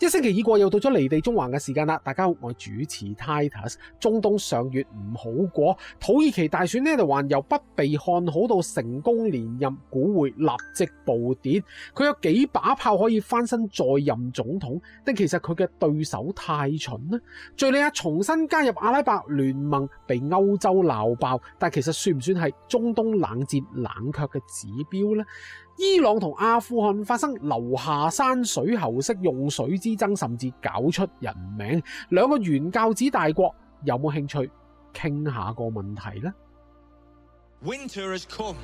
一星期已過，又到咗離地縱橫嘅時間啦！大家好，我係主持 Titus。中東上月唔好過，土耳其大選呢，就由不被看好到成功連任，股匯立即暴跌。佢有幾把炮可以翻身再任總統？定其實佢嘅對手太蠢呢？敘利亞重新加入阿拉伯聯盟，被歐洲鬧爆，但其實算唔算係中東冷戰冷卻嘅指標呢？伊朗同阿富汗發生樓下山水喉式用水之爭，甚至搞出人命。兩個原教旨大國有冇興趣傾下個問題呢？winter is come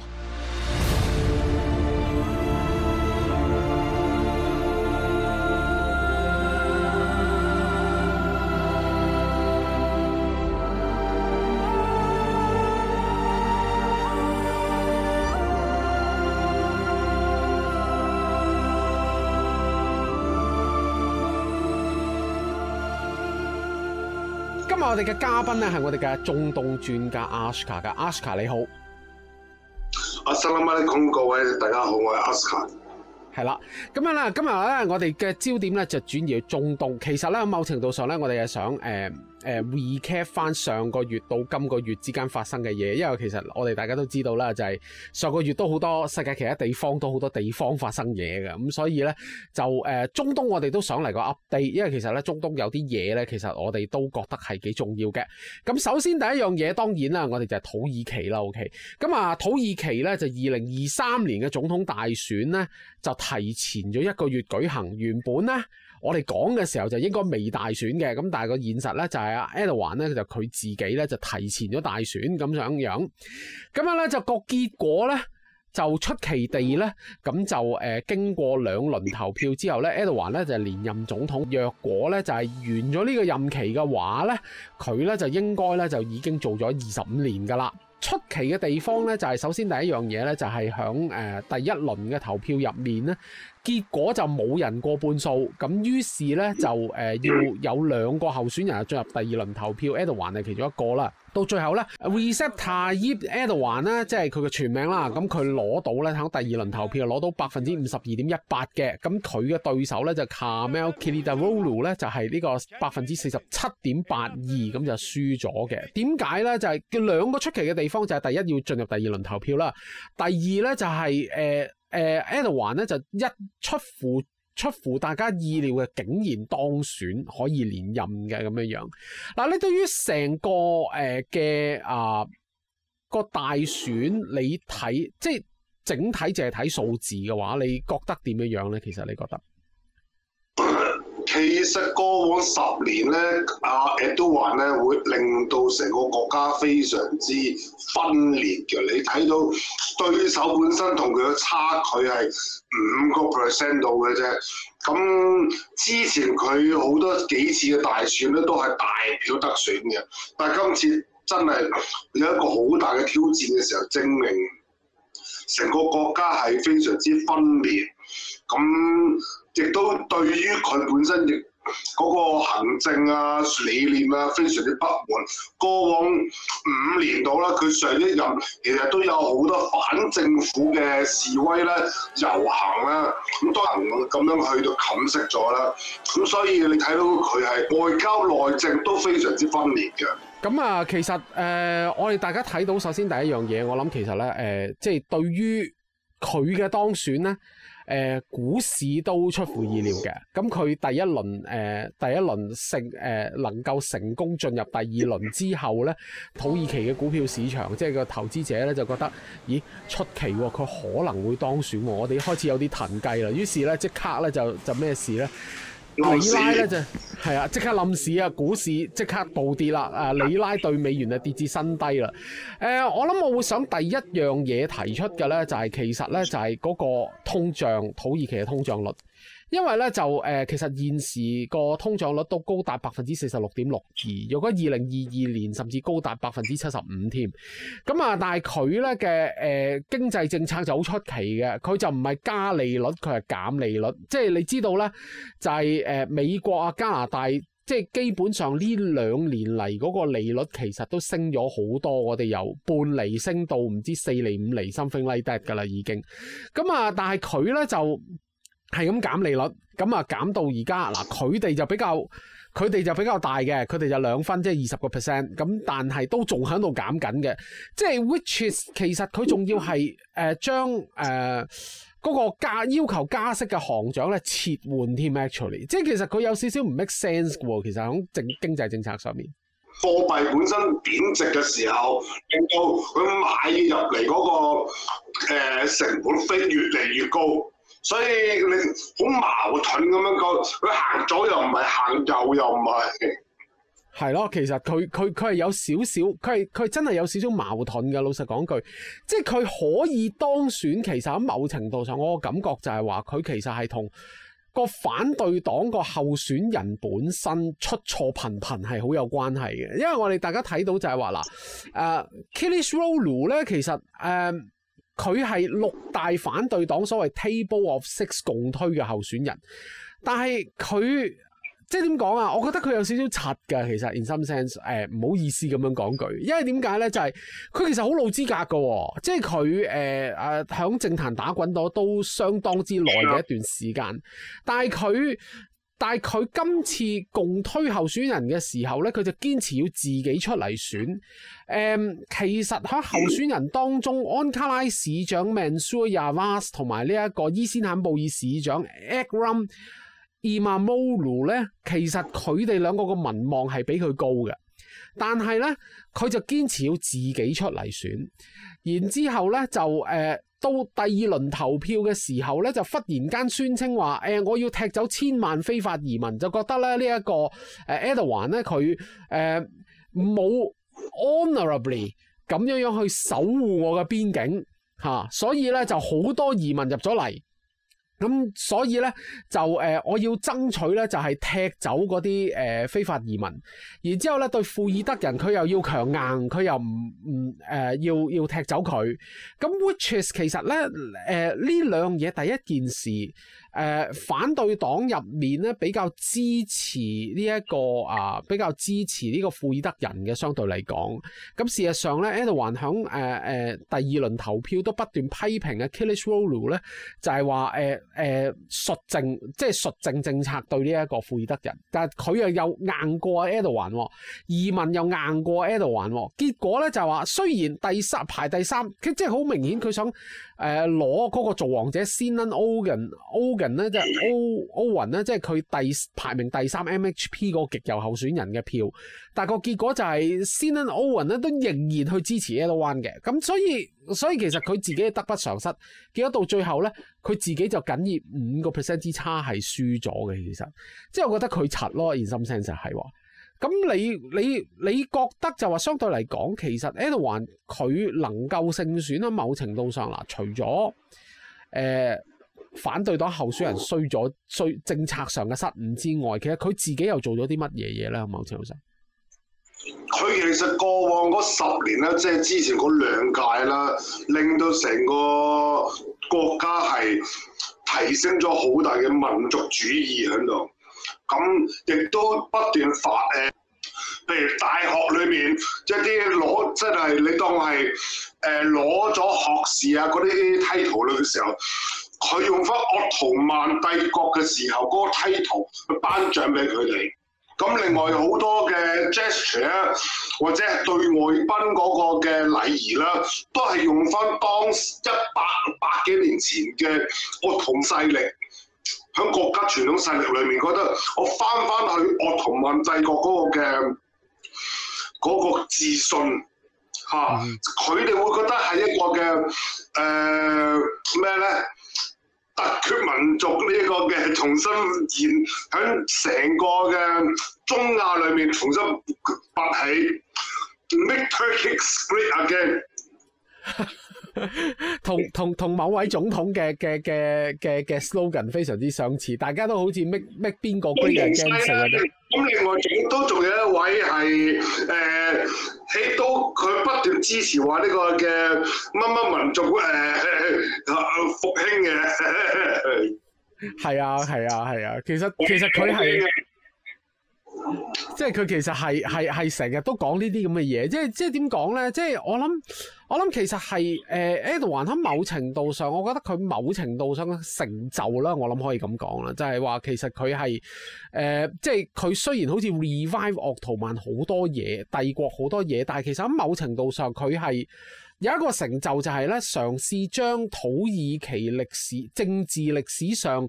我哋嘅嘉賓咧係我哋嘅中東專家 a s h 嘅 a r 卡，你好，阿叔 a r 你講。各位大家好，我係阿舒卡，係啦，咁啊啦，今日咧我哋嘅焦點咧就轉移去中東，其實咧某程度上咧我哋係想誒。嗯誒 recap 翻上個月到今個月之間發生嘅嘢，因為其實我哋大家都知道啦，就係上個月都好多世界其他地方都好多地方發生嘢嘅，咁所以呢，就誒中東我哋都想嚟個 update，因為其實呢，中東有啲嘢呢，其實我哋都覺得係幾重要嘅。咁首先第一樣嘢當然啦，我哋就係土耳其啦，OK，咁啊土耳其呢，就二零二三年嘅總統大選呢，就提前咗一個月舉行，原本呢。我哋講嘅時候就應該未大選嘅，咁但係個現實呢，就係阿 e 德華 y n 就佢自己呢就提前咗大選咁樣樣，咁樣呢就個結果呢，就出奇地呢，咁就誒經過兩輪投票之後咧，l 德華咧就連任總統。若果呢就係完咗呢個任期嘅話呢，佢呢就應該呢就已經做咗二十五年噶啦。出奇嘅地方呢，就係首先第一樣嘢呢，就係響第一輪嘅投票入面呢結果就冇人過半數，咁於是咧就誒、呃、要有兩個候選人進入第二輪投票，埃爾多安係其中一個啦。到最後咧，Recep Tayyip 埃爾多安咧，即係佢嘅全名啦。咁佢攞到咧喺第二輪投票攞到百分之五十二點一八嘅，咁佢嘅對手咧就 Kemal Kılıçdaroğlu 咧就係呢個百分之四十七點八二，咁就輸咗嘅。點解咧？就係、是、兩 ou，個、就是、個出奇嘅地方，就係、是、第一要進入第二輪投票啦，第二咧就係、是、誒。呃誒，埃爾多安咧就一出乎出乎大家意料嘅，竟然當選可以連任嘅咁樣樣。嗱，你對於成個嘅啊、呃呃、個大選，你睇即係整體淨係睇數字嘅話，你覺得點樣樣咧？其實你覺得？其實過往十年咧，埃爾多安咧會令到成個國家非常之分裂嘅。你睇到對手本身同佢嘅差距係五個 percent 度嘅啫。咁之前佢好多幾次嘅大選咧都係大票得選嘅，但係今次真係有一個好大嘅挑戰嘅時候，證明成個國家係非常之分裂。咁亦都對於佢本身亦，嗰個行政啊、理念啊，非常之不滿。過往五年到啦，佢上一任其實都有好多反政府嘅示威啦、遊行啦，咁多人咁樣去到冚熄咗啦。咁所以你睇到佢係外交內政都非常之分裂嘅。咁啊，其實誒、呃，我哋大家睇到首先第一樣嘢，我諗其實咧誒，即係對於佢嘅當選咧。誒股市都出乎意料嘅，咁佢第一輪誒、呃、第一輪成誒、呃、能夠成功進入第二輪之後呢，土耳其嘅股票市場即係個投資者呢，就覺得，咦出奇喎、哦，佢可能會當選喎、哦，我哋開始有啲騰雞啦，於是呢，即刻呢，就就咩事呢？里拉咧就，係啊，即刻冧市啊，股市即刻暴跌啦！啊，里拉對美元啊跌至新低啦，呃。我諗我會想第一樣嘢提出嘅咧，就係、是、其實咧就係、是、嗰個通脹，土耳其嘅通脹率。因為咧就誒、呃，其實現時個通脹率都高達百分之四十六點六二，如果二零二二年甚至高達百分之七十五添。咁啊，但係佢咧嘅誒經濟政策就好出奇嘅，佢就唔係加利率，佢係減利率。即係你知道咧，就係、是、誒、呃、美國啊、加拿大，即係基本上呢兩年嚟嗰個利率其實都升咗好多。我哋由半厘升到唔知四厘五厘 something like that 噶啦已經。咁啊，但係佢咧就。係咁減利率，咁啊減到而家嗱，佢哋就比較，佢哋就比較大嘅，佢哋就兩分，即係二十個 percent，咁但係都仲喺度減緊嘅，即係 which is 其實佢仲要係誒、呃、將誒嗰、呃那個要求加息嘅行長咧切換添，actually，即係其實佢有少少唔 make sense 嘅喎，其實喺政經濟政策上面，貨幣本身貶值嘅時候，令到佢買入嚟嗰個、呃、成本費越嚟越高。所以你好矛盾咁樣講，佢佢行左又唔係，行右又唔係。係咯，其實佢佢佢係有少少，佢佢真係有少少矛盾嘅。老實講句，即係佢可以當選，其實喺某程度上，我個感覺就係話佢其實係同個反對黨個候選人本身出錯頻頻係好有關係嘅。因為我哋大家睇到就係話啦誒、呃、Kilish Rowl 咧，其實誒、呃佢係六大反對黨所謂 table of six 共推嘅候選人，但係佢即係點講啊？我覺得佢有少少柒㗎，其實 in some sense 誒、呃、唔好意思咁樣講句，因為點解呢？就係、是、佢其實好老資格喎、哦，即係佢誒啊響政壇打滾咗都相當之耐嘅一段時間，但係佢。但係佢今次共推候選人嘅時候咧，佢就堅持要自己出嚟選、嗯。其實喺候選人當中，安卡拉市長 Mansur Yavaş 同埋呢一個伊斯坦布爾市長 Ekrem İmamoğlu 咧，其實佢哋兩個嘅民望係比佢高嘅，但係咧，佢就堅持要自己出嚟選，然之後咧就、呃到第二輪投票嘅時候咧，就忽然間宣稱話，誒、呃，我要踢走千萬非法移民，就覺得咧呢一、這個誒，Edwin 咧佢誒冇、呃、honorably 咁樣樣去守護我嘅邊境，嚇、啊，所以咧就好多移民入咗嚟。咁所以咧就、呃、我要爭取咧就係、是、踢走嗰啲、呃、非法移民，然之後咧對庫爾德人佢又要強硬，佢又唔唔、呃、要要踢走佢。咁，which is 其實咧呢兩嘢、呃、第一件事。誒，反對黨入面咧比較支持呢一個啊，比較支持呢個庫爾德人嘅相對嚟講。咁事實上咧，艾杜雲響誒誒第二輪投票都不斷批評啊 Kilishwulu 咧就係話誒誒矲政，即係矲政政策對呢一個庫爾德人。但係佢又又硬過艾杜雲，移民又硬過艾杜雲。結果咧就係話，雖然第三排第三，即係好明顯佢想誒攞嗰個做王者先。Sinan Ogan Ogan。人咧就係奧奧雲咧，即係佢第排名第三 MHP 嗰個極右候選人嘅票，但係個結果就係 Sinan Ogan 咧都仍然去支持 Erdogan 嘅，咁所以所以其實佢自己得不償失，結果到最後咧佢自己就僅以五個 percent 之差係輸咗嘅，其實即係我覺得佢柒咯，In some sense 就係、是、話，咁你你你覺得就話相對嚟講，其實 Erdogan 佢能夠勝選啦，某程度上嗱，除咗誒。呃反對黨候選人衰咗衰政策上嘅失誤之外，其實佢自己又做咗啲乜嘢嘢咧？好冇，陳老實，佢其實過往嗰十年咧，即係之前嗰兩屆啦，令到成個國家係提升咗好大嘅民族主義喺度，咁亦都不斷發，誒，譬如大學裏面即係啲攞，即係你當係誒攞咗學士啊嗰啲梯度啦嘅時候。佢用翻奧圖曼帝國嘅時候嗰個 title 去頒獎俾佢哋，咁另外好多嘅 gesture 或者對外賓嗰個嘅禮儀啦，都係用翻當時一百百幾年前嘅奧圖曼勢力，喺國家傳統勢力裏面覺得我翻翻去奧圖曼帝國嗰個嘅嗰個自信嚇，佢哋會覺得係一個嘅誒咩咧？呃突厥民族呢一個嘅重新現喺成個嘅中亞裏面重新發起。同同同某位總統嘅嘅嘅嘅嘅 slogan 非常之相似，大家都好似 make make 邊個 great again 成啊？咁另外亦都仲有一位係誒，起到佢不斷支持話呢個嘅乜乜民族，誒、呃、復興嘅，係 啊係啊，係啊，其實其實佢係。即係佢其實係係係成日都講呢啲咁嘅嘢，即係即係點講呢，即係我諗，我諗其實係誒 Erdogan 喺某程度上，我覺得佢某程度上成就啦，我諗可以咁講啦，就係話其實佢係誒，即係佢雖然好似 revive 奧圖曼好多嘢，帝國好多嘢，但係其實喺某程度上，佢係有一個成就就係呢：嘗試將土耳其歷史政治歷史上。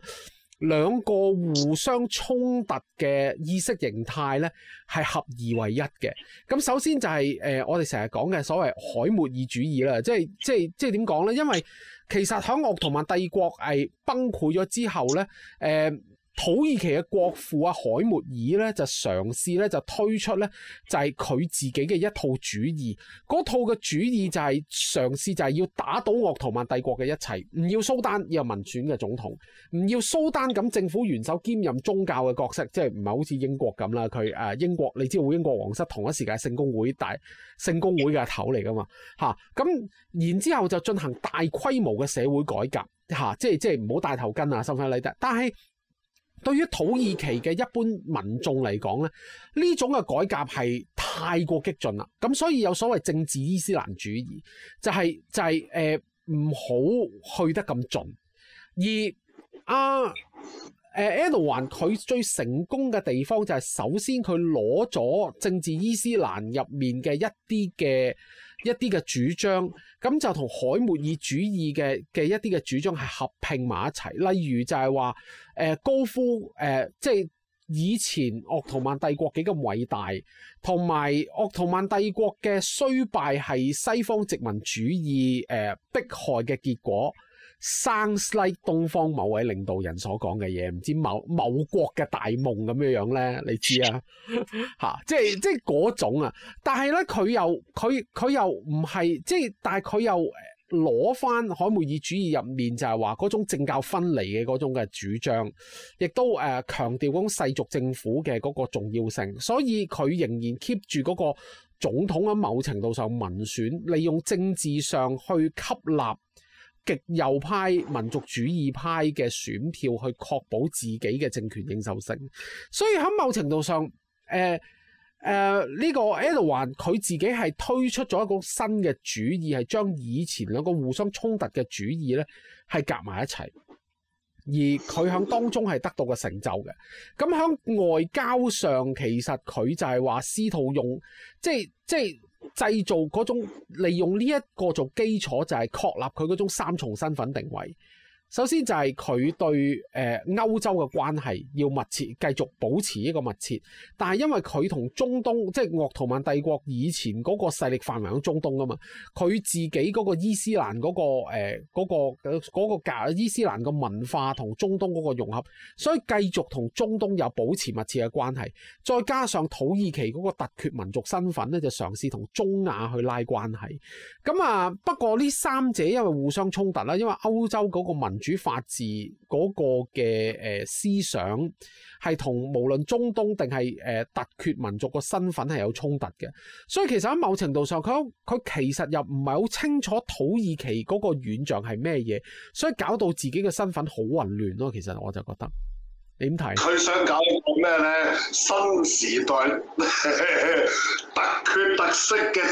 兩個互相衝突嘅意識形態咧，係合二為一嘅。咁首先就係、是、誒、呃，我哋成日講嘅所謂凱末爾主義啦，即係即係即係點講咧？因為其實響鄂圖曼帝國係崩潰咗之後咧，誒、呃。土耳其嘅國父啊，凱末爾咧就嘗試咧就推出咧就係佢自己嘅一套主義，嗰套嘅主義就係嘗試就係要打倒鄂圖曼帝國嘅一切，唔要蘇丹，要民選嘅總統，唔要蘇丹咁政府元首兼任宗教嘅角色，即係唔係好似英國咁啦？佢英國你知喎，英國皇室同一時間聖公會，大聖公會嘅頭嚟噶嘛，咁然之後就進行大規模嘅社會改革，即係即係唔好戴頭巾啊，收至係得但係。對於土耳其嘅一般民眾嚟講咧，呢種嘅改革係太過激進啦。咁所以有所謂政治伊斯蘭主義，就係、係、就係誒唔好去得咁盡。而阿誒埃爾多安佢最成功嘅地方就係首先佢攞咗政治伊斯蘭入面嘅一啲嘅。一啲嘅主張，咁就同海默爾主義嘅嘅一啲嘅主張係合併埋一齊。例如就係話，高呼，呃、即係以前鄂圖曼帝國幾咁偉大，同埋鄂圖曼帝國嘅衰敗係西方殖民主義誒迫害嘅結果。生 like 東方某位領導人所講嘅嘢，唔知某某國嘅大夢咁樣樣咧，你知啊？ 即係即係嗰種啊！但係咧，佢又佢佢又唔係，即係但係佢又攞翻凱末爾主義入面，就係話嗰種政教分離嘅嗰種嘅主張，亦都誒強調嗰種世俗政府嘅嗰個重要性，所以佢仍然 keep 住嗰個總統喺某程度上民選，利用政治上去吸納。極右派民族主義派嘅選票去確保自己嘅政權認受性，所以喺某程度上，誒誒呢個埃爾多安佢自己係推出咗一個新嘅主義，係將以前兩個互相衝突嘅主義呢係夾埋一齊，而佢向當中係得到嘅成就嘅。咁喺外交上，其實佢就係話試圖用，即係即係。製造嗰種利用呢一個做基礎，就係確立佢嗰種三重身份定位。首先就、呃、係佢對誒歐洲嘅關係要密切，繼續保持一個密切。但係因為佢同中東即係鄂圖曼帝國以前嗰個勢力範圍響中東啊嘛，佢自己嗰個伊斯蘭嗰、那個誒嗰、呃那個嗰、那個教、那個、伊斯蘭嘅文化同中東嗰個融合，所以繼續同中東有保持密切嘅關係，再加上土耳其嗰個突厥民族身份咧，就嘗試同中亞去拉關係，咁啊，不過呢三者因為互相衝突啦，因為歐洲嗰個民民主法治嗰個嘅誒思想係同無論中東定係誒突厥民族個身份係有衝突嘅，所以其實喺某程度上，佢佢其實又唔係好清楚土耳其嗰個形象係咩嘢，所以搞到自己嘅身份好混亂咯。其實我就覺得。點睇？佢想搞一個咩咧？新時代特缺特色嘅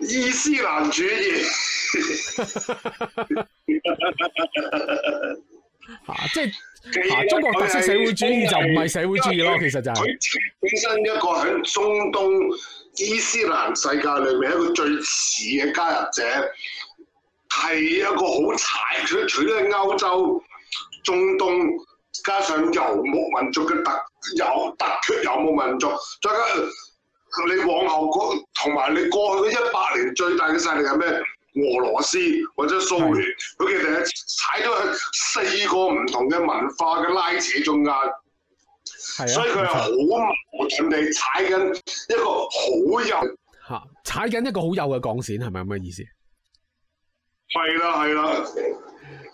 伊斯蘭主義， 啊、即係、啊啊、中國特色社會主義就唔係社會主義咯。文其實就係、是、本身一個喺中東伊斯蘭世界裏面一個最遲嘅加入者，係一個好柴缺，除咗喺歐洲、中東。加上游牧民族嘅特有特缺，遊牧民族，再加你往後同埋你過去嘅一百年最大嘅勢力係咩？俄羅斯或者蘇聯，佢、啊、其實係踩咗四個唔同嘅文化嘅拉扯中間，啊、所以佢係好矛盾地踩緊一個好幼。嚇踩緊一個好幼嘅鋼線，係咪咁嘅意思？係啦、啊，係啦、啊。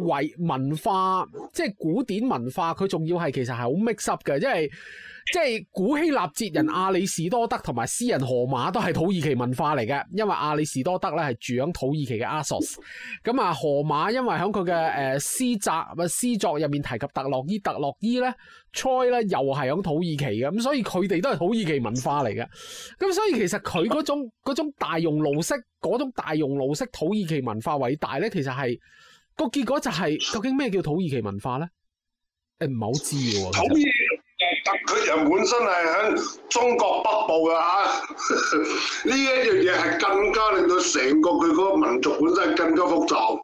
為文化即係古典文化，佢仲要係其實係好 mix up 嘅，即係即係古希臘哲人阿里士多德同埋詩人荷馬都係土耳其文化嚟嘅，因為阿里士多德咧係住喺土耳其嘅阿索斯，咁啊荷馬因為喺佢嘅誒詩集啊詩作入面提及特洛伊，特洛伊咧，Troy 咧又係喺土耳其嘅，咁所以佢哋都係土耳其文化嚟嘅，咁所以其實佢嗰種嗰種大熔爐式嗰種大熔爐式土耳其文化偉大咧，其實係。個結果就係、是，究竟咩叫土耳其文化咧？誒，唔係好知嘅。土耳其特人本身係喺中國北部嘅吓，呢一樣嘢係更加令到成個佢嗰個民族本身係更加複雜。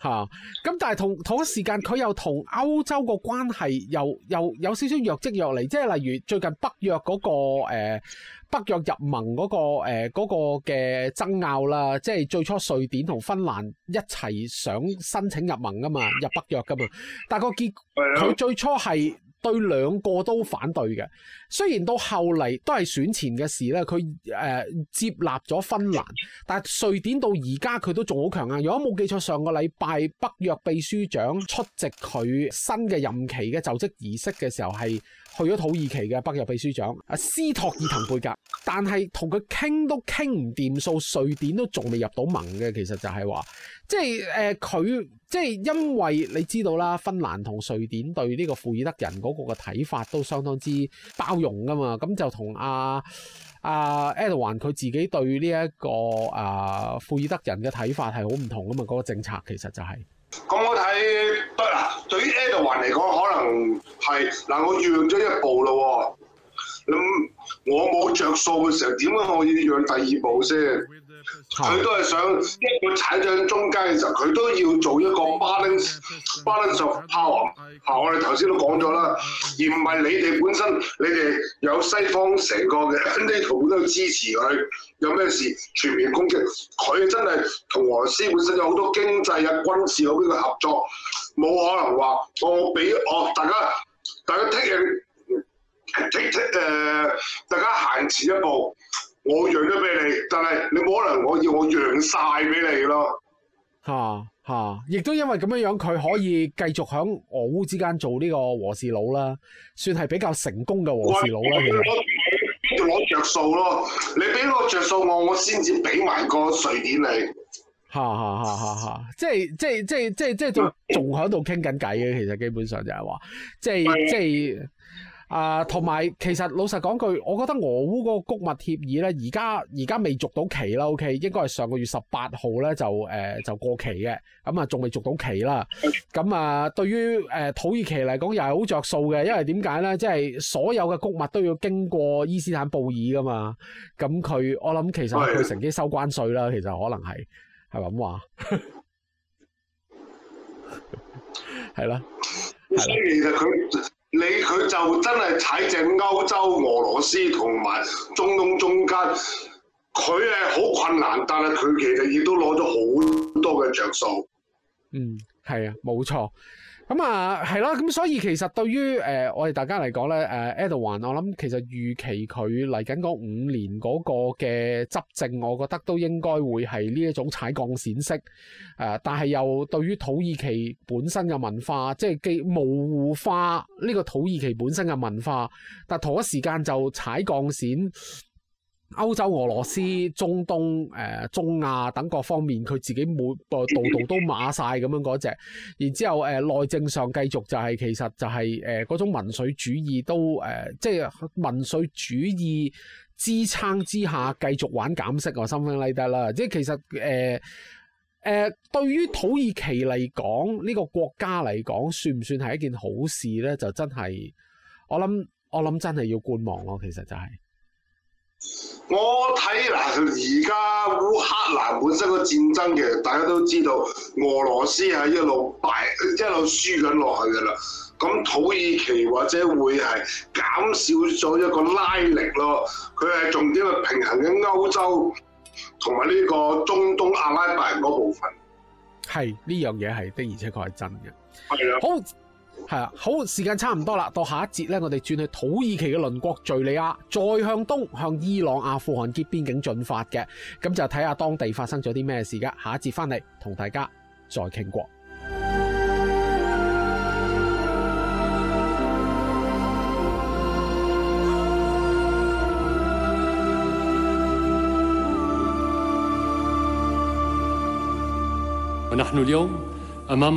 咁、嗯、但係同同一個時間，佢又同歐洲個關係又又有少少若即若離。即係例如最近北約嗰、嗰個、呃、北約入盟嗰、嗰個誒嗰個嘅爭拗啦，即係最初瑞典同芬蘭一齊想申請入盟噶嘛，入北約噶嘛，但個結果佢最初係。對兩個都反對嘅，雖然到後嚟都係選前嘅事咧，佢誒、呃、接納咗芬蘭，但係瑞典到而家佢都仲好強硬！如果冇記錯，上個禮拜北約秘書長出席佢新嘅任期嘅就職儀式嘅時候，係去咗土耳其嘅北約秘書長阿斯托爾滕貝格。但係同佢傾都傾唔掂數，瑞典都仲未入到盟嘅。其實就係話，即係誒佢即係因為你知道啦，芬蘭同瑞典對呢個庫爾德人嗰個嘅睇法都相當之包容噶嘛。咁就同阿阿、啊啊、埃爾多安佢自己對呢、這、一個啊庫爾德人嘅睇法係好唔同啊嘛。嗰、那個政策其實就係、是，咁我睇對啦對於埃爾多安嚟講，可能係嗱我讓咗一步咯喎。咁、嗯、我冇着數嘅時候，點樣可以讓第二步先？佢都係想一個踩在中間嘅時候，佢都要做一個 balance, balance of power。我哋頭先都講咗啦，而唔係你哋本身，你哋有西方成個嘅 NATO 都支持佢，有咩事全面攻擊。佢真係同俄羅斯本身有好多經濟啊、軍事啊呢個合作，冇可能話我俾我大家大家聽嘢。即即誒，大家行前一步，我讓咗俾你，但係你冇可能我要我讓晒俾你咯。亦都、啊啊、因為咁樣樣，佢可以繼續喺俄烏之間做呢個和事佬啦，算係比較成功嘅和事佬啦。我我其實你度攞着數咯？你俾我着數，我我先至俾埋個瑞典你。嚇嚇嚇嚇嚇！即係即係即係即係仲仲喺度傾緊偈嘅，嗯、其實基本上就係、是、話，即係、嗯、即係。啊，同埋，其實老實講句，我覺得俄烏嗰個谷物協議咧，而家而家未續到期啦。OK，應該係上個月十八號咧就誒、呃、就過期嘅，咁啊仲未續到期啦。咁啊、呃，對於誒、呃、土耳其嚟講又係好着數嘅，因為點解咧？即係所有嘅谷物都要經過伊斯坦布爾噶嘛。咁佢，我諗其實佢乘機收關稅啦。的其實可能係係咪咁話，係啦。 是你佢就真係踩正歐洲、俄羅斯同埋中東中間，佢係好困難，但係佢其實亦都攞咗好多嘅着數。嗯，係啊，冇錯。咁啊，係啦、啊，咁所以其實對於誒、呃、我哋大家嚟講呢，誒埃爾多安，我諗其實預期佢嚟緊嗰五年嗰個嘅執政，我覺得都應該會係呢一種踩鋼線式、呃、但係又對於土耳其本身嘅文化，即係既模糊化呢個土耳其本身嘅文化，但同一時間就踩鋼線。歐洲、俄羅斯、中東、誒、呃、中亞等各方面，佢自己每個、呃、度度都碼晒咁樣嗰隻，然之後誒、呃，內政上繼續就係、是、其實就係、是、誒、呃、種民粹主義都誒、呃，即係民粹主義支撐之下繼續玩減息個深分利得啦。即係其實誒誒、呃呃，對於土耳其嚟講呢個國家嚟講，算唔算係一件好事咧？就真係我諗我諗真係要觀望咯。其實就係、是。我睇嗱，而家烏克蘭本身個戰爭，其實大家都知道，俄羅斯係一路敗，一路輸緊落去㗎喇。咁土耳其或者會係減少咗一個拉力咯。佢係重點去平衡緊歐洲同埋呢個中東阿拉伯人嗰部分。係，呢樣嘢係的，而且確係真嘅。係啊，好。係啊，好，時間差唔多啦，到下一節咧，我哋轉去土耳其嘅鄰國敘利亞，再向東向伊朗、阿富汗結邊境進發嘅，咁就睇下當地發生咗啲咩事噶。下一節翻嚟同大家再傾過。我們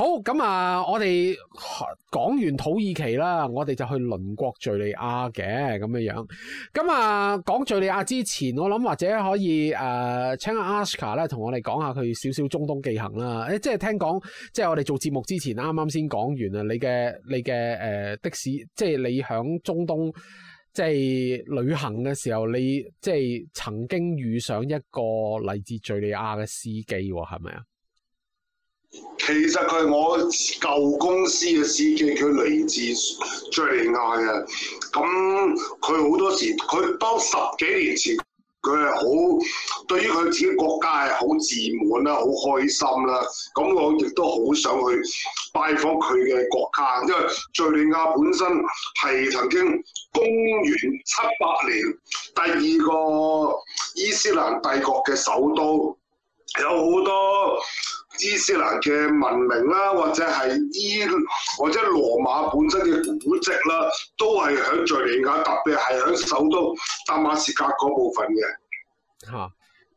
好咁啊！我哋講完土耳其啦，我哋就去鄰國敍利亞嘅咁樣。咁啊，講敍利亞之前，我諗或者可以誒、呃、請阿 Asuka 咧，同我哋講下佢少少中東記行啦。即係聽講，即係我哋做節目之前啱啱先講完啊。你嘅你嘅誒、呃、的士，即係你響中東即係旅行嘅時候，你即係曾經遇上一個嚟自敍利亞嘅司機喎，係咪啊？其實佢係我舊公司嘅司機，佢嚟自敘利亞嘅。咁佢好多時，佢當十幾年前，佢係好對於佢自己國家係好自滿啦，好開心啦。咁我亦都好想去拜訪佢嘅國家，因為敘利亞本身係曾經公元七百年第二個伊斯蘭帝國嘅首都，有好多，伊斯，斯蘭嘅文明啦，或者係伊，或者羅馬本身嘅古蹟啦，都係喺敍利亞特，特別係喺首都大馬士革嗰部分嘅。嚇！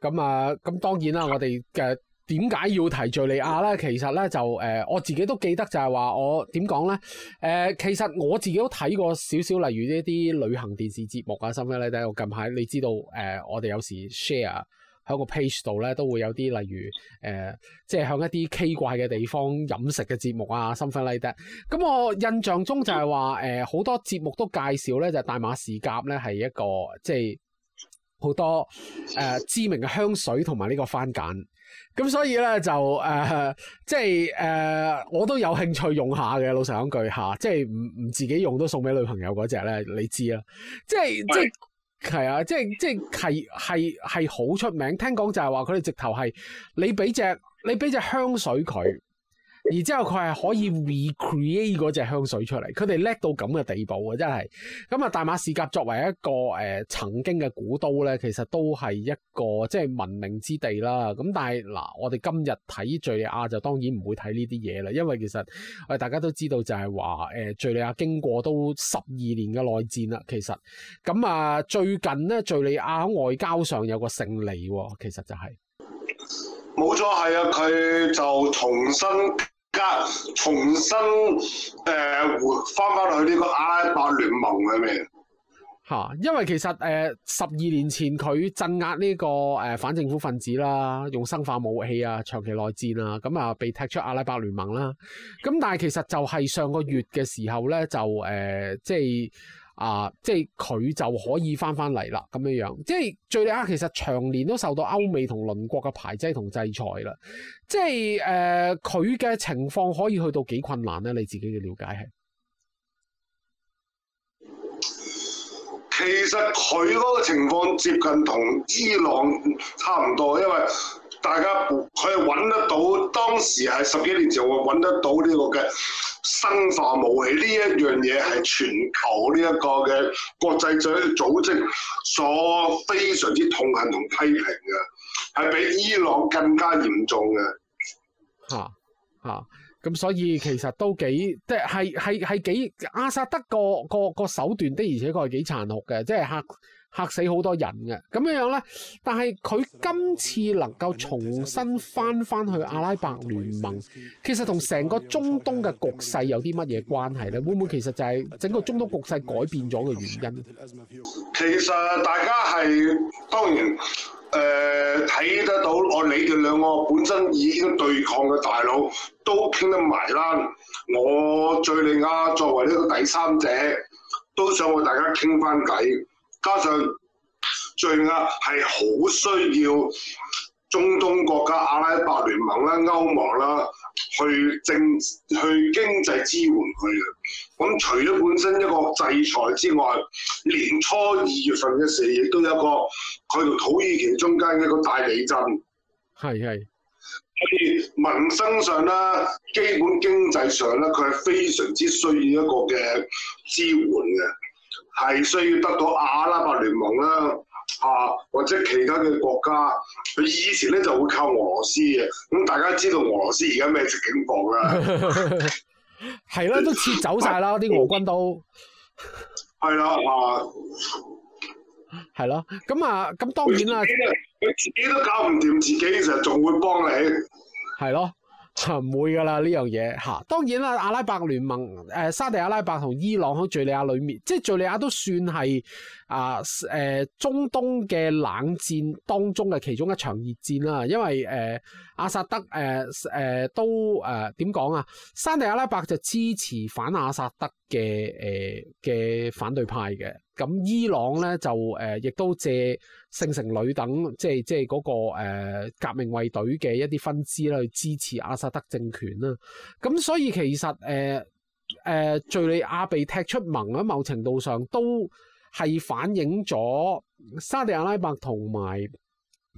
咁啊，咁、嗯嗯、當然啦，我哋嘅點解要提敍利亞咧？其實咧就誒、呃，我自己都記得就係話我點講咧？誒、呃，其實我自己都睇過少少，例如一啲旅行電視節目啊，甚至咧，我近排你知道誒、呃，我哋有時 share。喺個 page 度咧，都會有啲例如誒，即係向一啲奇怪嘅地方飲食嘅節目啊，something like that。咁我印象中就係話誒，好、呃、多節目都介紹咧，就是、大馬士革咧係一個即係好多誒、呃、知名嘅香水同埋呢個番梘。咁所以咧就誒，即係誒，我都有興趣用一下嘅。老實講句，下即係唔唔自己用都送俾女朋友嗰隻咧，你知啦。即係即係。就是係啊，即係即係係係好出名。聽講就係話佢哋直頭係你俾隻你俾隻香水佢。而之後佢係可以 recreate 嗰隻香水出嚟，佢哋叻到咁嘅地步啊！真係咁啊！大馬士革作為一個誒、呃、曾經嘅古都咧，其實都係一個即係文明之地啦。咁但係嗱，我哋今日睇敍利亞就當然唔會睇呢啲嘢啦，因為其實我哋、呃、大家都知道就係話誒敍利亞經過都十二年嘅內戰啦。其實咁啊、呃，最近咧敍利亞外交上有個勝利喎，其實就係冇錯。係啊，佢就重新。格重新誒翻翻去呢個阿拉伯聯盟裏面吓，因為其實誒十二年前佢鎮壓呢個誒、呃、反政府分子啦，用生化武器啊，長期內戰啊，咁啊被踢出阿拉伯聯盟啦。咁、啊、但係其實就係上個月嘅時候咧，就誒、呃、即係。啊，即係佢就可以翻翻嚟啦，咁樣樣，即係敘利亞其實長年都受到歐美同鄰國嘅排擠同制裁啦，即係誒，佢、呃、嘅情況可以去到幾困難咧？你自己嘅了解係？其實佢嗰個情況接近同伊朗差唔多，因為大家佢係揾得到，當時係十幾年前我揾得到呢個嘅生化武器呢一樣嘢，係全球呢一個嘅國際組織所非常之痛恨同批評嘅，係比伊朗更加嚴重嘅。嚇嚇、啊。啊咁所以其實都幾，即係係係幾幾阿薩德個，個個手段的，而且佢係幾殘酷嘅，即係黑。嚇死好多人嘅，咁樣樣咧，但係佢今次能夠重新返返去阿拉伯聯盟，其實同成個中東嘅局勢有啲乜嘢關係咧？會唔會其實就係整個中東局勢改變咗嘅原因？其實大家係當然誒睇、呃、得到，我你哋兩個本身已經對抗嘅大佬都傾得埋啦。我敘利亞作為呢個第三者都想為大家傾返偈。加上敍厄係好需要中東國家、阿拉伯聯盟啦、歐盟啦去政去經濟支援佢嘅。咁除咗本身一個制裁之外，年初二月份嘅事亦都有一個佢同土耳其中間一個大地震，係係是。所以民生上啦，基本經濟上咧，佢係非常之需要一個嘅支援嘅。係需要得到阿拉伯聯盟啦，啊，或者其他嘅國家。佢以前咧就會靠俄羅斯嘅，咁、嗯、大家知道俄羅斯而家咩情況啦。係啦， 都撤走晒啦，啲 俄軍都係啦，啊，係咯。咁啊，咁當然啦、啊，佢自己都搞唔掂自己，就仲會幫你。係咯。就唔會㗎喇，呢樣嘢吓。當然啦，阿拉伯聯盟誒、呃、沙地阿拉伯同伊朗喺敘利亞裏面，即係敘利亞都算係啊、呃呃、中東嘅冷戰當中嘅其中一場熱戰啦，因為誒、呃、阿薩德誒、呃呃、都誒點講啊，沙地阿拉伯就支持反阿薩德嘅嘅、呃、反對派嘅。咁伊朗咧就亦、呃、都借聖城旅等，即係即係、那、嗰個、呃、革命衛隊嘅一啲分支咧，去支持阿薩德政權啦。咁所以其實誒誒敍利亞被踢出盟，喺某程度上都係反映咗沙地阿拉伯同埋。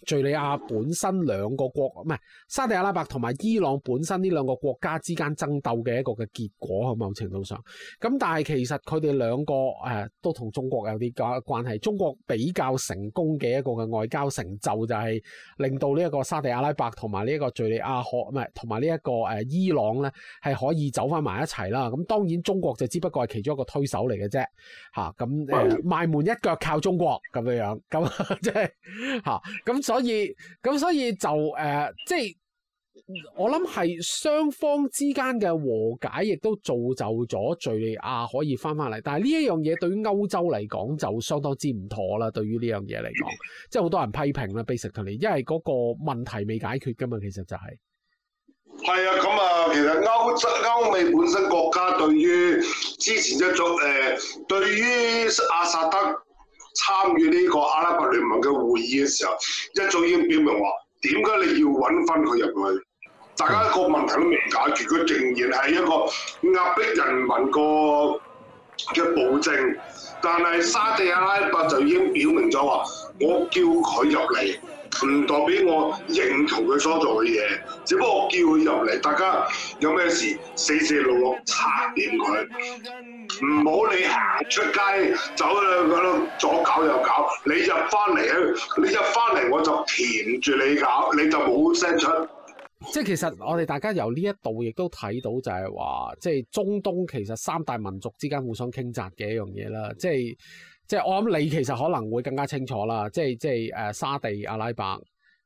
敘利亞本身兩個國唔係沙地阿拉伯同埋伊朗本身呢兩個國家之間爭鬥嘅一個嘅結果，係某程度上。咁但係其實佢哋兩個誒、呃、都同中國有啲關係。中國比較成功嘅一個嘅外交成就就係令到呢一個沙地阿拉伯同埋呢一個敘利亞，唔係同埋呢一個誒、呃、伊朗咧係可以走翻埋一齊啦。咁當然中國就只不過係其中一個推手嚟嘅啫。吓咁誒，埋、嗯呃、門一腳靠中國咁樣樣，咁即係吓咁。所以咁，所以就誒、呃，即係我諗係雙方之間嘅和解，亦都造就咗敍利亞可以翻翻嚟。但係呢一樣嘢對於歐洲嚟講就相當之唔妥啦。對於呢樣嘢嚟講，即係好多人批評啦，basically，因為嗰個問題未解決噶嘛。其實就係、是，係啊，咁、嗯、啊，其實歐洲歐美本身國家對於之前一組誒、呃，對於阿薩德。參與呢個阿拉伯聯盟嘅會議嘅時候，一早已經表明話：點解你要揾返佢入去？大家個問題都未解決，佢仍然係一個壓迫人民個嘅暴政。但係沙地阿拉伯就已經表明咗話：我叫佢入嚟，唔代表我認同佢所做嘅嘢。只不過我叫佢入嚟，大家有咩事四四六六查掂佢，唔好你行出街走去嗰度又搞，搞，你就翻嚟去，你就翻嚟我就填住你搞，你就冇聲出。 即係其實我哋大家由呢一度亦都睇到就係話，即係中東其實三大民族之間互相傾軋嘅一樣嘢啦。即係即係我諗你其實可能會更加清楚啦。即係即係誒沙地阿拉伯。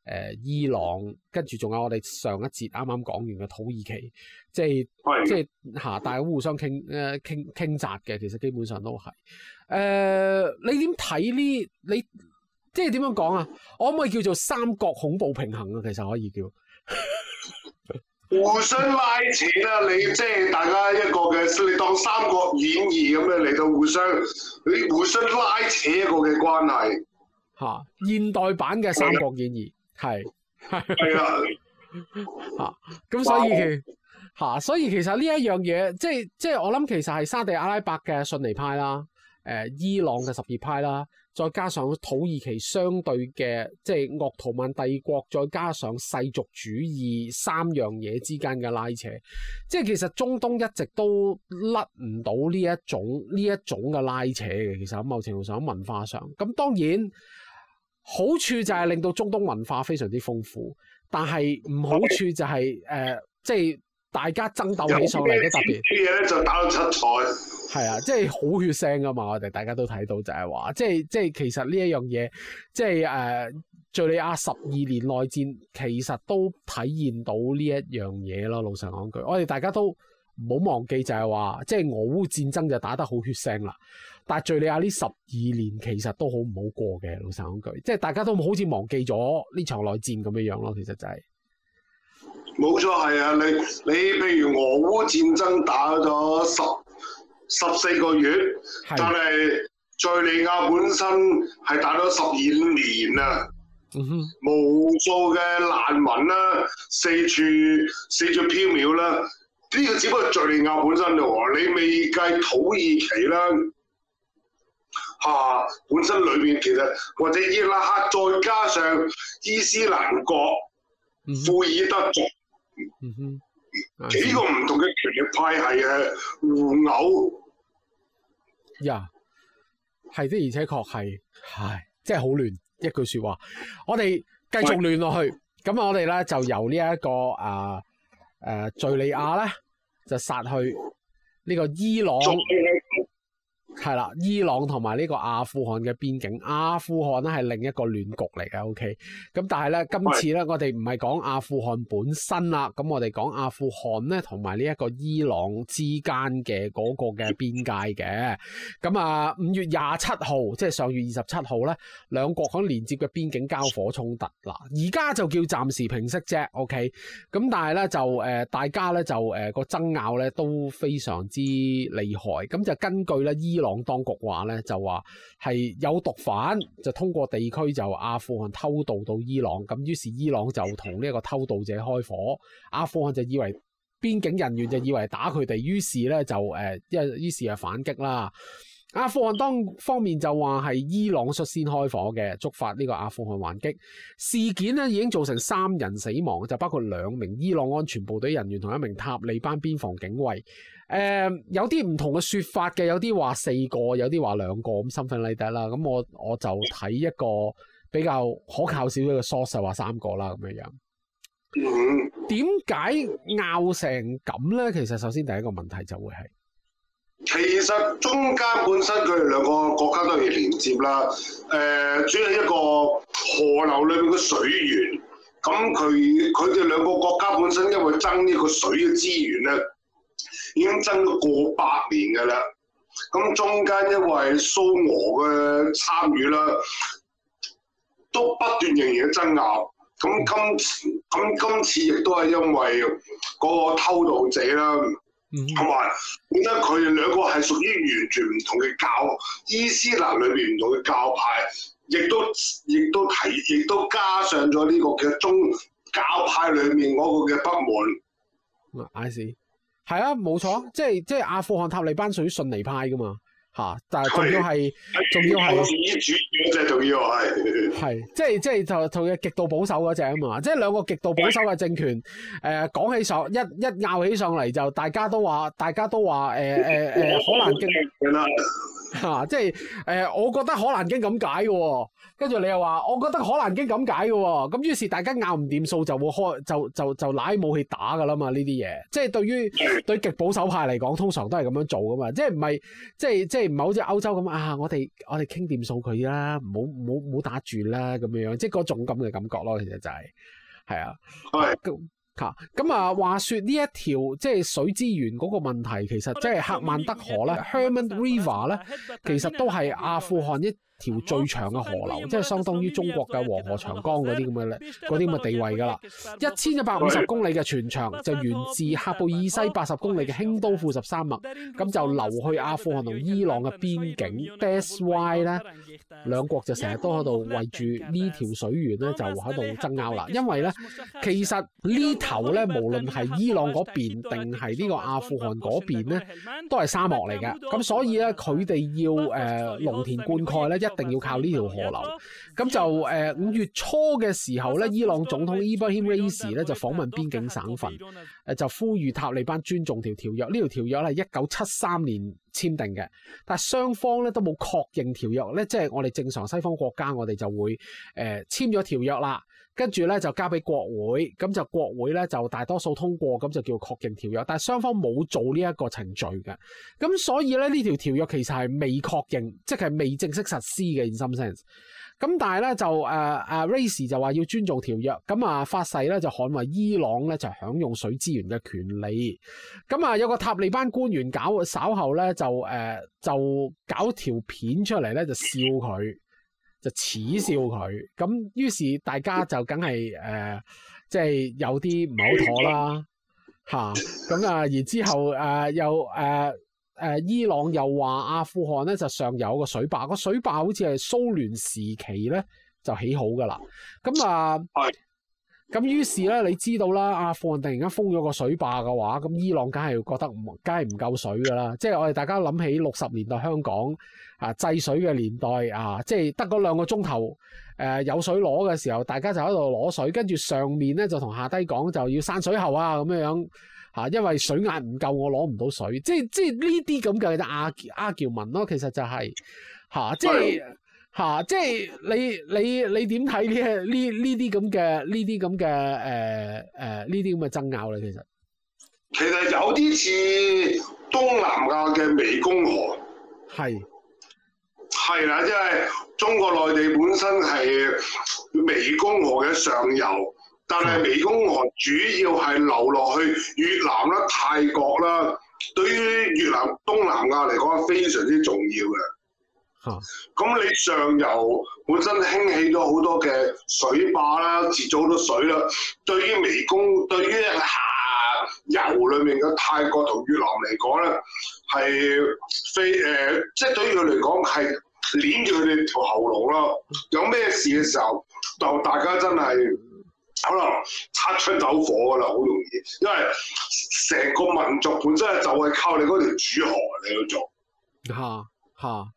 誒伊朗跟住仲有我哋上一節啱啱講完嘅土耳其，即係即係嚇，的大家互相傾誒傾傾雜嘅，其實基本上都係誒你點睇呢？你，你即係點樣講啊？我可唔可以叫做三角恐怖平衡啊？其實可以叫 互相拉扯啊！你即係大家一個嘅，你當三《你你三國演義》咁樣嚟到互相你互相拉扯一個嘅關係嚇，現代版嘅《三國演義》。係，係啊，嚇咁、 啊、所以嚇、哦啊，所以其實呢一樣嘢，即係即係我諗，其實係沙地阿拉伯嘅信尼派啦，誒、呃、伊朗嘅什葉派啦，再加上土耳其相對嘅即係鄂圖曼帝國，再加上世俗主義三樣嘢之間嘅拉扯，即係其實中東一直都甩唔到呢一種呢一種嘅拉扯嘅，其實喺某程度上喺文化上，咁當然。好處就係令到中東文化非常之豐富，但係唔好處就係、是、誒、呃，即係大家爭鬥起上嚟嘅特別啲嘢咧就打到七彩。係啊，即係好血腥啊嘛！我哋大家都睇到就係話，即係即係其實呢一樣嘢，即係誒敍利亞十二年內戰，其實都體現到呢一樣嘢咯。老實講句，我哋大家都。唔好忘記就係話，即係俄烏戰爭就打得好血腥啦。但係敘利亞呢十二年其實都好唔好過嘅，老實講句，即係大家都好似忘記咗呢場內戰咁樣樣咯。其實就係、係、冇錯，係啊！你你譬如俄烏戰爭打咗十十四個月，係啊、但係敘利亞本身係打咗十二年啊！無數嘅難民啦，四處四處飄渺啦。呢個只不過敍利亞本身咯，你未計土耳其啦，嚇、啊、本身裏邊其實或者伊拉克，再加上伊斯蘭國、庫爾、嗯、哼德族，嗯嗯、幾個唔同嘅權力派系嘅互毆，呀、啊，係的，而且確係，係，真係好亂一句説話。我哋繼續亂落去，咁喂我哋咧就由呢、這、一個啊。誒、呃、敍利亞咧就殺去呢個伊朗。係啦，伊朗同埋呢個阿富汗嘅邊境，阿富汗呢係另一個亂局嚟嘅。OK，咁但係呢，今次呢，的我哋唔係講阿富汗本身啦，咁我哋講阿富汗呢，同埋呢一個伊朗之間嘅嗰個嘅邊界嘅。咁啊，五月廿七號，即係上月二十七號呢，兩國喺連接嘅邊境交火衝突。嗱，而家就叫暫時平息啫。OK，咁但係呢，就、呃、大家呢，就、呃那個爭拗呢都非常之厲害。咁就根據呢伊朗。港當局話咧，就話係有毒販就通過地區就阿富汗偷渡到伊朗，咁於是伊朗就同呢個偷渡者開火，阿富汗就以為邊境人員就以為打佢哋，於是咧就誒，因為於是啊反擊啦。阿富汗當方面就話係伊朗率先開火嘅，觸發呢個阿富汗還擊事件呢，已經造成三人死亡，就包括兩名伊朗安全部隊人員同一名塔利班邊防警衛。誒、嗯，有啲唔同嘅說法嘅，有啲話四個，有啲話兩個咁。Something like that 啦，咁我我就睇一個比較可靠少少嘅 source 話三個啦，咁樣樣。點解拗成咁咧？其實首先第一個問題就會係，其實中間本身佢哋兩個國家都要連接啦。誒、呃，主要係一個河流裏邊嘅水源，咁佢佢哋兩個國家本身因為爭呢個水嘅資源咧。已經爭過百年㗎喇，咁中間因為蘇俄嘅參與啦，都不斷仍然嘅爭拗。咁今咁今次亦都係因為嗰個偷渡者啦，同埋、嗯，因為佢哋兩個係屬於完全唔同嘅教伊斯蘭裏面唔同嘅教派，亦都亦都提亦都加上咗呢個嘅宗教派裏面嗰個嘅不滿。I see. 係啊，冇錯，即係即係阿富汗塔利班屬於遜尼派㗎嘛，嚇！但係仲要係仲要係，主要即係仲要係，係即係即係同同嘅極度保守嗰隻啊嘛！即、就、係、是、兩個極度保守嘅政權，誒、嗯呃、講起上一一拗起上嚟，就大家都話，大家都話，誒誒誒，呃呃、激可能極。啊！即係誒、呃，我覺得可蘭經咁解嘅，跟住你又話我覺得可蘭經咁解嘅，咁於是大家拗唔掂數就會開就就就攞武器打噶啦嘛呢啲嘢，即係對於對極保守派嚟講，通常都係咁樣做噶嘛，即係唔係即係即係唔係好似歐洲咁啊？我哋我哋傾掂數佢啦，唔好唔好唔好打住啦咁樣，即係嗰種咁嘅感覺咯。其實就係、是、係啊。啊 okay. 咁啊，話說呢一條即係、就是、水資源嗰個問題，其實即係赫曼德河咧 Herman River 咧，呢其實都係阿富汗一條最長嘅河流，即係相當於中國嘅黃河、長江嗰啲咁嘅咧，嗰啲咁嘅地位㗎啦。一千一百五十公里嘅全長，就源自喀布爾西八十公里嘅興都富十三脈，咁就流去阿富汗同伊朗嘅邊境。That’s why 咧，兩國就成日都喺度為住呢條水源咧，就喺度爭拗啦。因為咧，其實這頭呢頭咧，無論係伊朗嗰邊定係呢個阿富汗嗰邊咧，都係沙漠嚟嘅。咁所以咧，佢哋要誒農、呃、田灌溉咧一定要靠呢條河流，咁就誒五月初嘅時候咧，伊朗總統伊布希雷伊斯咧就訪問邊境省份，誒就呼籲塔利班尊重條條約。呢條條約係一九七三年簽訂嘅，但係雙方咧都冇確認條約咧，即係我哋正常西方國家，我哋就會誒簽咗條約啦。跟住咧就交俾國會，咁就國會咧就大多數通過，咁就叫確認條約。但係雙方冇做呢一個程序嘅，咁所以咧呢條條約其實係未確認，即係未正式實施嘅。In some sense，咁但係咧就誒誒、啊、，Ray 就話要尊重條約，咁啊發誓咧就捍衞伊朗咧就享用水資源嘅權利。咁啊有個塔利班官員搞稍後咧就、啊、就搞條片出嚟咧就笑佢。就恥笑佢，咁於是大家就梗係誒，即、呃、係、就是、有啲唔好妥啦嚇。咁啊，然之後誒又誒誒伊朗又話阿富汗咧就上游個水壩，個水壩好似係蘇聯時期咧就起好噶啦。咁啊。呃咁於是咧，你知道啦，阿富汗突然間封咗個水壩嘅話，咁伊朗梗係覺得，梗係唔夠水㗎啦。即係我哋大家諗起六十年代香港啊，制水嘅年代啊，即係得嗰兩個鐘頭、啊、有水攞嘅時候，大家就喺度攞水，跟住上面咧就同下低講就要山水喉啊咁樣樣、啊、因為水壓唔夠，我攞唔到水。即係即係呢啲咁嘅阿阿喬文咯，其實就係、是啊。嚇、啊！即係你你你點睇、呃呃、呢？呢啲咁嘅呢啲咁嘅誒誒呢啲咁嘅爭拗咧？其實其實有啲似東南亞嘅湄公河，係係啦，即係、就是、中國內地本身係湄公河嘅上游，但係湄公河主要係流落去越南啦、泰國啦。對於越南東南亞嚟講，係非常之重要嘅。咁、啊、你上游本身興起咗好多嘅水壩啦，截咗好多水啦。對於湄公，對於下游、啊、裏面嘅泰國同越南嚟講咧，係非誒，即、呃、係、就是、對於佢嚟講係捏住佢哋條喉嚨啦。有咩事嘅時候，就大家真係可能擦槍走火噶啦，好容易，因為成個民族本身就係靠你嗰條主河嚟去做，吓吓、啊。啊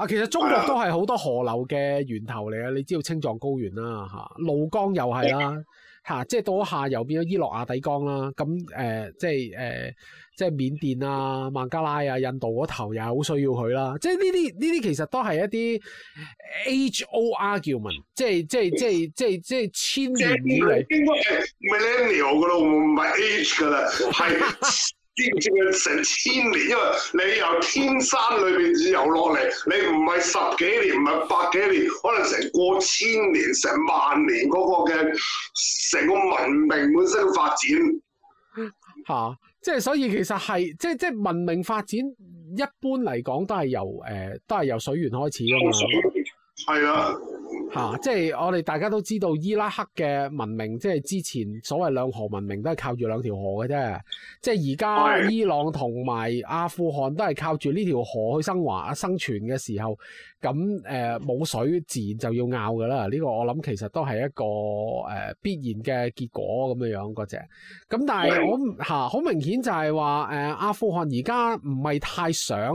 啊，其實中國都係好多河流嘅源頭嚟啊！你知道青藏高原啦，嚇怒江又係啦，嚇、啊、即係到咗下游變咗伊洛瓦底江啦。咁、啊、誒、呃，即係誒、啊，即係緬甸啊、孟加拉啊、印度嗰頭也好需要佢啦。即係呢啲呢啲其實都係一啲 HOR argument，即係即係即係即係即係千年以嚟。應該唔係 a 噶啦，係。知唔知成千年？因為你由天山裏邊遊落嚟，你唔係十幾年，唔係百幾年，可能成過千年、成萬年嗰個嘅成個文明本身嘅發展嚇、啊。即係所以其實係即即文明發展一般嚟講都係由誒、呃、都係由水源開始㗎嘛。係啊。嚇、啊！即係我哋大家都知道伊拉克嘅文明，即係之前所謂兩河文明都係靠住兩條河嘅啫。即係而家伊朗同埋阿富汗都係靠住呢條河去生華、生存嘅時候，咁誒冇水自然就要拗㗎啦。呢、呢個我諗其實都係一個、呃、必然嘅結果咁樣樣嗰隻。咁但係我嚇好、啊、明顯就係話誒阿富汗而家唔係太想。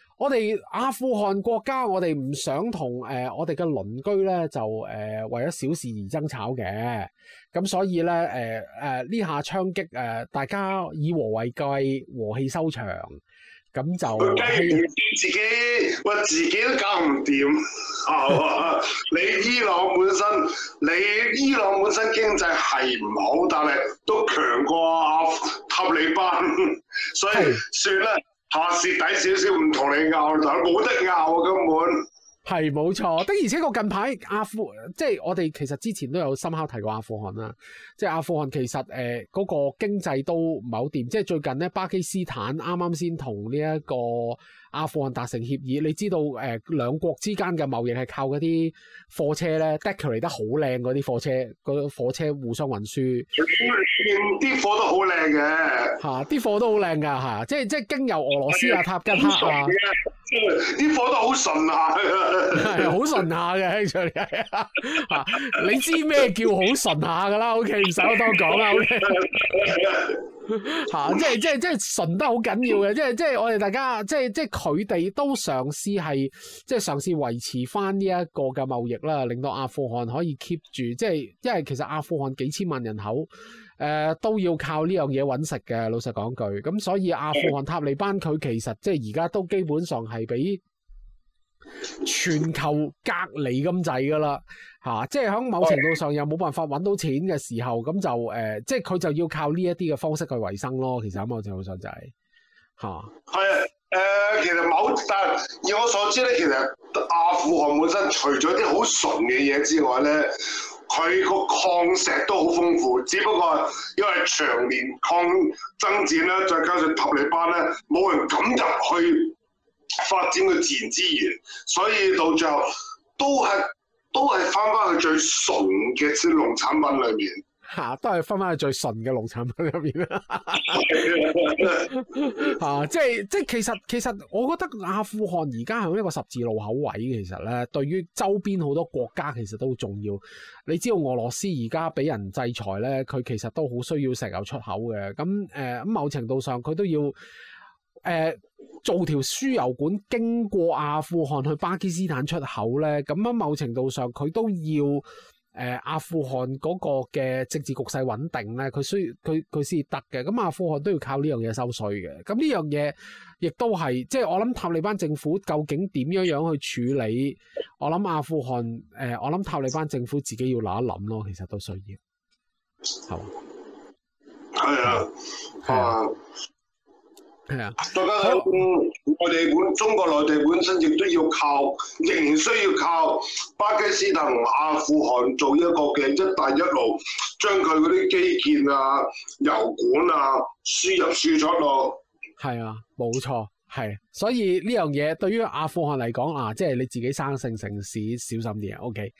我哋阿富汗國家，我哋唔想同誒我哋嘅鄰居咧就誒為咗小事而爭吵嘅，咁所以咧誒誒呢下槍擊誒大家以和為貴，和氣收場，咁就自己餵自己都搞唔掂， 你伊朗本身，你伊朗本身經濟係唔好，但係都強過塔利班，所以是算啦。吓，蝕底少少，唔同你拗，但冇得拗啊。根本係冇錯。的而且確，近排阿富汗，即係我哋其實之前都有深刻提過阿富汗啦。即係阿富汗其實誒嗰、呃嗰個經濟都唔係好掂，即係最近咧巴基斯坦啱啱先同呢一個阿富汗達成協議。你知道誒，兩、呃、國之間嘅貿易係靠嗰啲貨車咧，decorate 得好靚嗰啲貨車，嗰個貨車互相運輸。嗯啲貨都好靚嘅，吓、啊，啲貨都好靚噶，吓、啊，即係即係經由俄羅斯啊、塔吉克啊，啲貨、啊、都好純下，好純下嘅，你知咩叫好純下噶啦？OK，唔使我多講啦，吓、OK, 啊，即係即係即係純得好緊要嘅，即係 即係我哋大家，即係即係佢哋都嘗試係，即係嘗試維持翻呢一個嘅貿易啦，令到阿富汗可以 keep 住，即係因為其實阿富汗幾千萬人口。誒、呃、都要靠呢樣嘢揾食嘅，老實講句，咁所以阿富汗塔利班佢的其實即係而家都基本上係比全球隔離咁滯噶啦，嚇、啊！即係喺某程度上又冇辦法揾到錢嘅時候，咁就誒、呃，即係佢就要靠呢一啲嘅方式去維生咯。其實喺某程度上就係嚇。係、啊、誒、呃，其實某但係以我所知咧，其實阿富汗本身除咗啲好純嘅嘢之外咧。佢個礦石都好豐富，只不過因為長年抗爭戰再加上塔利班咧，冇人敢入去發展個自然資源，所以到最後都係都係返返去最純嘅農產品裏面。吓，都係分翻去最純嘅農產品入面啊，即係即係，其實其實，我覺得阿富汗而家喺一個十字路口位，其實咧，對於周邊好多國家其實都好重要。你知道俄羅斯而家俾人制裁咧，佢其實都好需要石油出口嘅。咁咁、呃、某程度上佢都要、呃、做條輸油管經過阿富汗去巴基斯坦出口咧。咁某程度上佢都要。誒、呃，阿富汗嗰個嘅政治局勢穩定咧，佢需要佢佢先得嘅。咁阿富汗都要靠呢樣嘢收稅嘅。咁呢樣嘢亦都係，即係我諗塔利班政府究竟點樣樣去處理？我諗阿富汗誒、呃，我諗塔利班政府自己要諗一諗咯。其實都需要。係。係啊。係啊。係啊，再加上內地本、啊、中國內地本身亦都要靠，仍然需要靠巴基斯坦同阿富汗做一個嘅一帶一路，將佢嗰啲基建啊、油管啊輸入輸出咯。係啊，冇錯。係，所以呢樣嘢對於阿富汗嚟講啊，即係你自己生性城市小心啲啊。OK，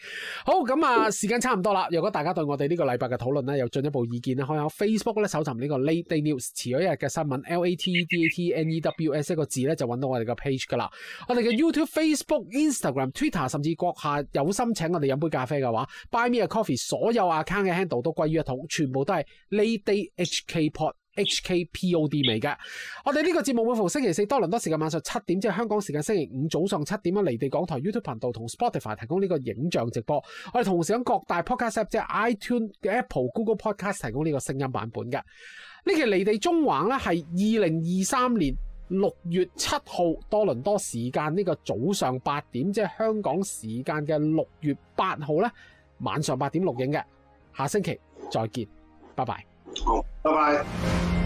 好咁啊，時間差唔多啦。如果大家對我哋呢個禮拜嘅討論咧有進一步意見咧，可以喺我 Facebook 咧搜尋呢個 Late Date News，遲咗一日嘅新聞 L A T D A T N E W S 一個字咧就揾到我哋嘅 page 㗎啦。我哋嘅 YouTube、 Facebook、Instagram、Twitter，甚至閣下有心請我哋飲杯咖啡嘅話，Buy me a coffee，所有 account 嘅 handle 都歸於一統，全部都係 Late Date HK Pod。HKPOD 未嘅，我哋呢個節目每逢星期四多倫多時間晚上七點，即係香港時間星期五早上七點啊！離地港台 YouTube 頻道同 Spotify 提供呢個影像直播，我哋同時響各大 Podcast app，即係 iTune、Apple、Google Podcast 提供呢個聲音版本嘅。呢期離地縱橫咧係二零二三年六月七號多倫多時間呢個早上八點，即係香港時間嘅六月八號咧晚上八點錄影嘅。下星期再見，拜拜。好，拜拜。Bye-bye.